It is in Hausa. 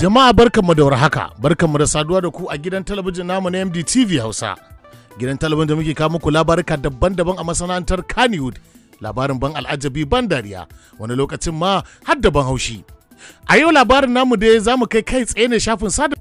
Jama'a barkanmu da warhaka, barkanmu da saduwa da ku a gidan talabijin namu na MDTV Hausa. Gidan talabijin da muke kawo muku labaruka daban-daban a masana'antar Kannywood, labarin ban al'ajabi ban dariya, wani lokacin ma har da ban haushi. A yau labarin namu dai za mu kai kai tsaye ne shafin sada